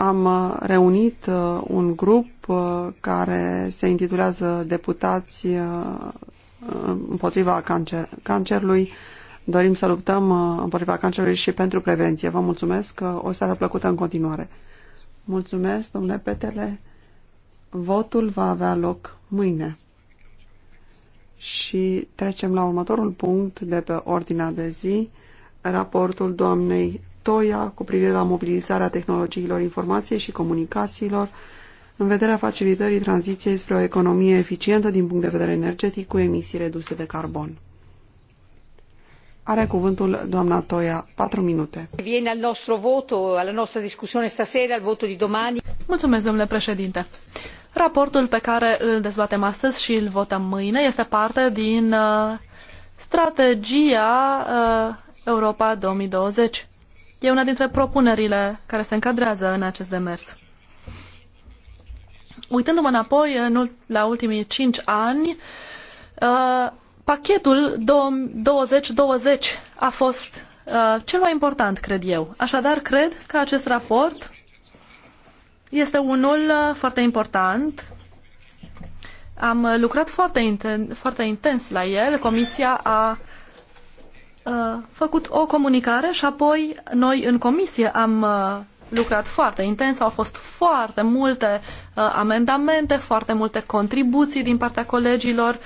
am uh, reunit uh, un grup uh, care se intitulează Deputați împotriva cancer, cancerului. Dorim să luptăm împotriva cancerului și pentru prevenție. Vă mulțumesc. O seară plăcută în continuare. Mulțumesc, domnule Petele. Votul va avea loc mâine. Și trecem la următorul punct de pe ordinea de zi, raportul doamnei Toia cu privire la mobilizarea tehnologiilor informației și comunicațiilor în vederea facilitării tranziției spre o economie eficientă din punct de vedere energetic cu emisii reduse de carbon. Are cuvântul doamna Toia, 4 minute. Viene al nostru voto, alla nostra discussione stasera, al voto di domani. Mulțumesc, domnule președinte. Raportul pe care îl dezbatem astăzi și îl votăm mâine este parte din uh, strategia uh, Europa 2020. E una dintre propunerile care se încadrează în acest demers. Uitându-mă înapoi în, la ultimii cinci ani, uh, pachetul 2020 a fost uh, cel mai important, cred eu. Așadar, cred că acest raport este unul uh, foarte important. Am uh, lucrat foarte, inten- foarte intens la el. Comisia a uh, făcut o comunicare și apoi noi în comisie am lucrat foarte intens, au fost foarte multe amendamente, foarte multe contribuții din partea colegilor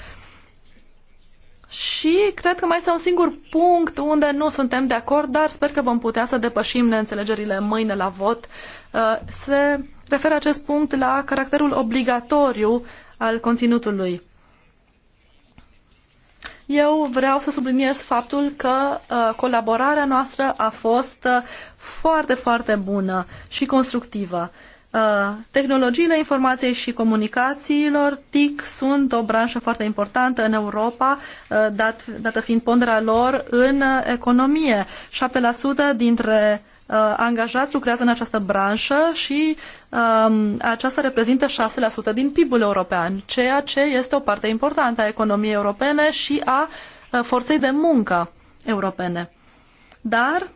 și cred că mai este un singur punct unde nu suntem de acord, dar sper că vom putea să depășim neînțelegerile mâine la vot. Se referă acest punct la caracterul obligatoriu al conținutului eu vreau să subliniez faptul că uh, colaborarea noastră a fost uh, foarte, foarte bună și constructivă. Uh, tehnologiile informației și comunicațiilor, TIC, sunt o branșă foarte importantă în Europa, dat, dată fiind ponderea lor în economie. 7% dintre Uh, angajați lucrează în această branșă și um, aceasta reprezintă 6% din PIB-ul european, ceea ce este o parte importantă a economiei europene și a uh, forței de muncă europene. Dar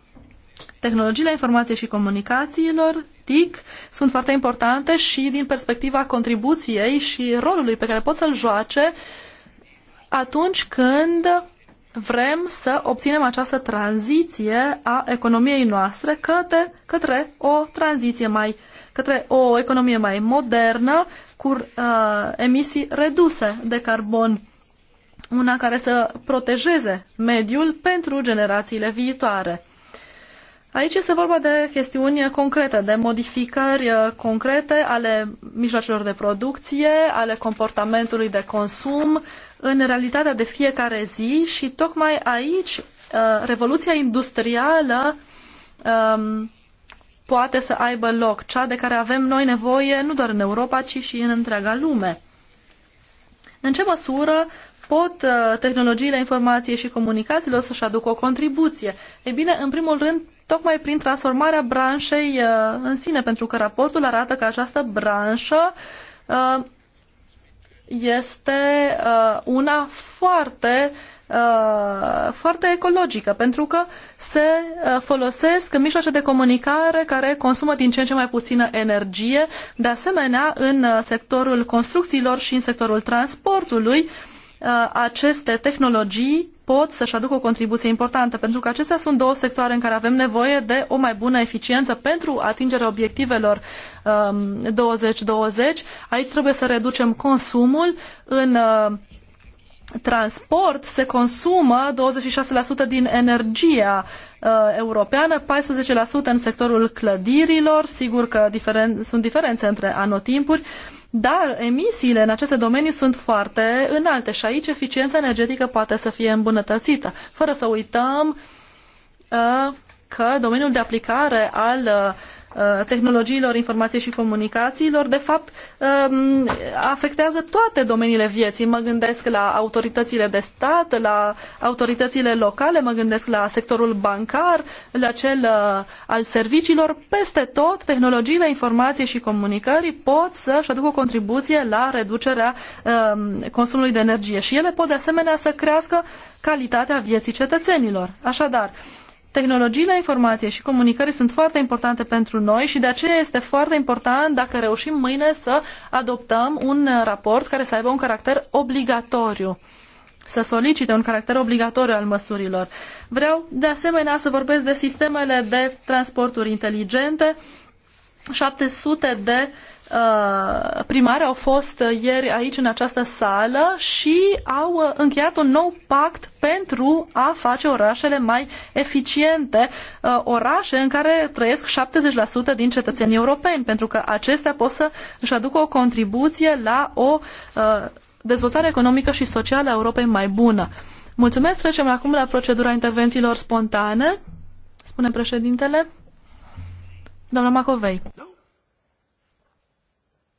tehnologiile informației și comunicațiilor, TIC, sunt foarte importante și din perspectiva contribuției și rolului pe care pot să-l joace atunci când vrem să obținem această tranziție a economiei noastre către, către o tranziție mai, către o economie mai modernă cu uh, emisii reduse de carbon, una care să protejeze mediul pentru generațiile viitoare. Aici este vorba de chestiuni concrete, de modificări uh, concrete ale mijloacelor de producție, ale comportamentului de consum, în realitatea de fiecare zi și tocmai aici uh, revoluția industrială um, poate să aibă loc, cea de care avem noi nevoie nu doar în Europa, ci și în întreaga lume. În ce măsură pot uh, tehnologiile informației și comunicațiilor să-și aducă o contribuție? Ei bine, în primul rând, tocmai prin transformarea branșei uh, în sine, pentru că raportul arată că această branșă este uh, una foarte uh, foarte ecologică, pentru că se uh, folosesc mijloace de comunicare care consumă din ce în ce mai puțină energie. De asemenea, în sectorul construcțiilor și în sectorul transportului, aceste tehnologii pot să-și aducă o contribuție importantă, pentru că acestea sunt două sectoare în care avem nevoie de o mai bună eficiență pentru atingerea obiectivelor 20-20. Um, Aici trebuie să reducem consumul în uh, transport se consumă 26% din energia uh, europeană, 14% în sectorul clădirilor, sigur că diferen- sunt diferențe între anotimpuri, uh, dar emisiile în aceste domenii sunt foarte înalte și aici eficiența energetică poate să fie îmbunătățită, fără să uităm uh, că domeniul de aplicare al uh, Uh, tehnologiilor informației și comunicațiilor, de fapt, um, afectează toate domeniile vieții. Mă gândesc la autoritățile de stat, la autoritățile locale, mă gândesc la sectorul bancar, la cel uh, al serviciilor. Peste tot, tehnologiile informației și comunicării pot să-și aducă o contribuție la reducerea um, consumului de energie și ele pot de asemenea să crească calitatea vieții cetățenilor. Așadar, Tehnologiile informației și comunicării sunt foarte importante pentru noi și de aceea este foarte important dacă reușim mâine să adoptăm un raport care să aibă un caracter obligatoriu să solicite un caracter obligatoriu al măsurilor. Vreau de asemenea să vorbesc de sistemele de transporturi inteligente, 700 de Uh, primari au fost uh, ieri aici în această sală și au uh, încheiat un nou pact pentru a face orașele mai eficiente, orașe în care trăiesc 70% din cetățenii europeni, pentru că acestea pot să își aducă o contribuție la o dezvoltare economică și socială a Europei mai bună. Mulțumesc, trecem acum la procedura intervențiilor spontane, spune președintele. Doamna Macovei. No.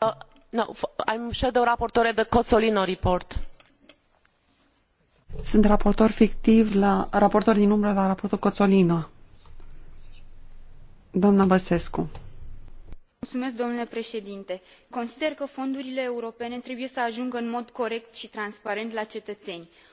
Uh, no, I'm shadow raportor the Cozzolino report. Sunt raportor fictiv la raportor din umbră la raportul Cozzolino. Doamna Băsescu. domnule președinte. Consider că fondurile europene trebuie să ajungă în mod corect și transparent la cetățeni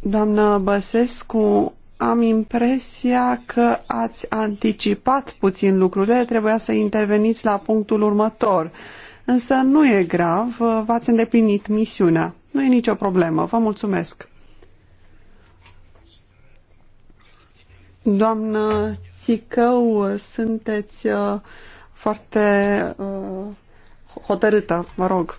Doamnă Băsescu, am impresia că ați anticipat puțin lucrurile, trebuia să interveniți la punctul următor. Însă nu e grav, v-ați îndeplinit misiunea. Nu e nicio problemă, vă mulțumesc. Doamnă Țicău, sunteți uh, foarte uh, hotărâtă, vă mă rog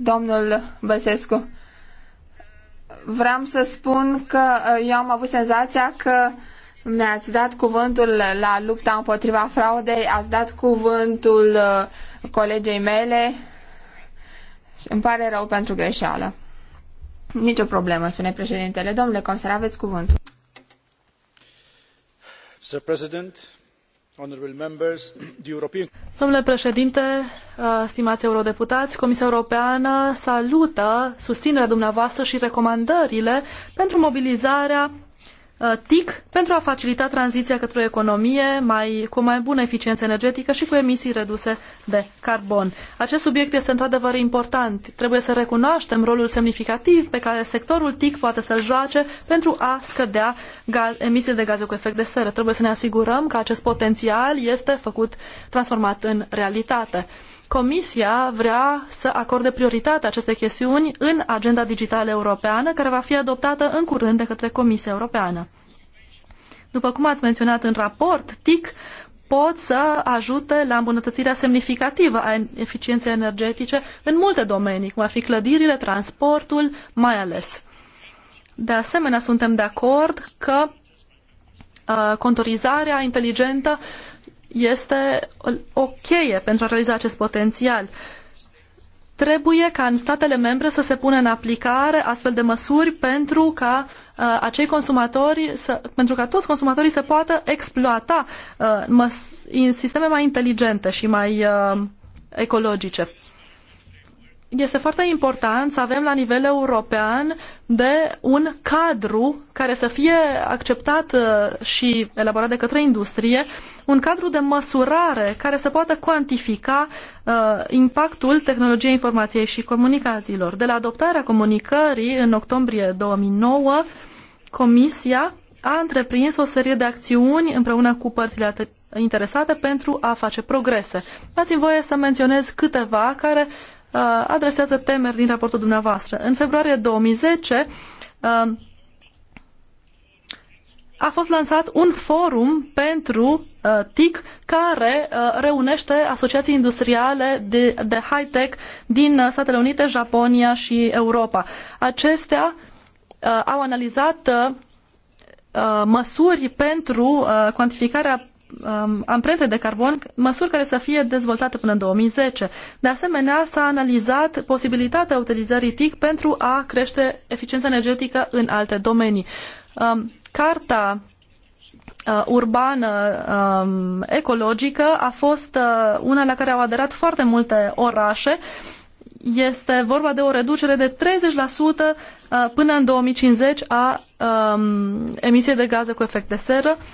domnul Băsescu. Vreau să spun că uh, eu am avut senzația că mi-ați dat cuvântul la lupta împotriva fraudei, ați dat cuvântul uh, colegei mele. Îmi pare rău pentru greșeală. Nicio problemă, spune președintele. Domnule comisar, aveți cuvântul. Mr. President, Domnule președinte, uh, stimați eurodeputați, Comisia Europeană salută susținerea dumneavoastră și recomandările pentru mobilizarea Uh, TIC pentru a facilita tranziția către o economie mai, cu mai bună eficiență energetică și cu emisii reduse de carbon. Acest subiect este într-adevăr important. Trebuie să recunoaștem rolul semnificativ pe care sectorul TIC poate să-l joace pentru a scădea emisiile de gaze cu efect de seră. Trebuie să ne asigurăm că acest potențial este făcut, transformat în realitate. Comisia vrea să acorde prioritate acestei chestiuni în agenda digitală europeană, care va fi adoptată în curând de către Comisia Europeană. După cum ați menționat în raport, TIC pot să ajute la îmbunătățirea semnificativă a eficienței energetice în multe domenii, cum ar fi clădirile, transportul, mai ales. De asemenea, suntem de acord că uh, contorizarea inteligentă este o cheie pentru a realiza acest potențial. Trebuie ca în statele membre să se pună în aplicare astfel de măsuri pentru ca uh, acei consumatori, să, pentru ca toți consumatorii să poată exploata uh, măs- în sisteme mai inteligente și mai uh, ecologice este foarte important să avem la nivel european de un cadru care să fie acceptat uh, și elaborat de către industrie, un cadru de măsurare care să poată cuantifica uh, impactul tehnologiei informației și comunicațiilor. De la adoptarea comunicării în octombrie 2009, Comisia a întreprins o serie de acțiuni împreună cu părțile interesate pentru a face progrese. Dați-mi voie să menționez câteva care Uh, adresează temeri din raportul dumneavoastră. În februarie 2010 uh, a fost lansat un forum pentru uh, TIC care reunește asociații industriale de, de high-tech din Statele Unite, Japonia și Europa. Acestea au analizat măsuri pentru cuantificarea um, amprente de carbon, măsuri care să fie dezvoltate până în 2010. De asemenea, s-a analizat posibilitatea utilizării TIC pentru a crește eficiența energetică în alte domenii. Um, carta uh, urbană um, ecologică a fost uh, una la care au aderat foarte multe orașe. Este vorba de o reducere de 30% uh, până în 2050 a um, emisiei de gaze cu efect de seră. Uh,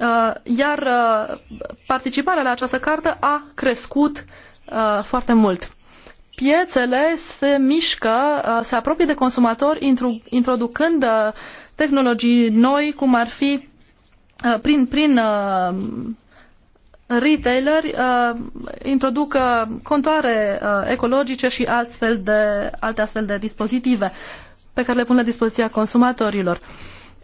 Uh, iar uh, participarea la această carte a crescut uh, foarte mult. Piețele se mișcă, se apropie de consumatori, introducând tehnologii noi, cum ar fi prin, prin retaileri introduc contoare ecologice și astfel de, alte astfel de dispozitive pe care le pun la dispoziția consumatorilor. Uh,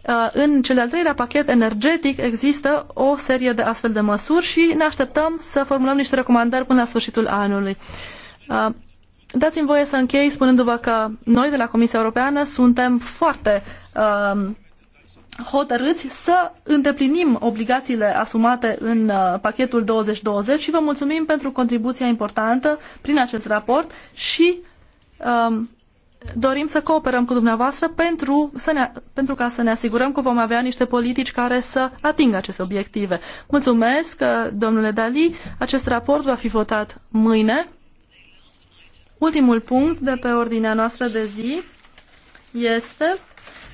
Uh, în cel de-al treilea pachet energetic există o serie de astfel de măsuri și ne așteptăm să formulăm niște recomandări până la sfârșitul anului. Uh, dați-mi voie să închei spunându-vă că noi de la Comisia Europeană suntem foarte uh, hotărâți să îndeplinim obligațiile asumate în pachetul 2020 și vă mulțumim pentru contribuția importantă prin acest raport și dorim să cooperăm cu dumneavoastră pentru, să ne, pentru ca să ne asigurăm că vom avea niște politici care să atingă aceste obiective. Mulțumesc, uh, domnule Dali. Acest raport va fi votat mâine. Ultimul punct de pe ordinea noastră de zi este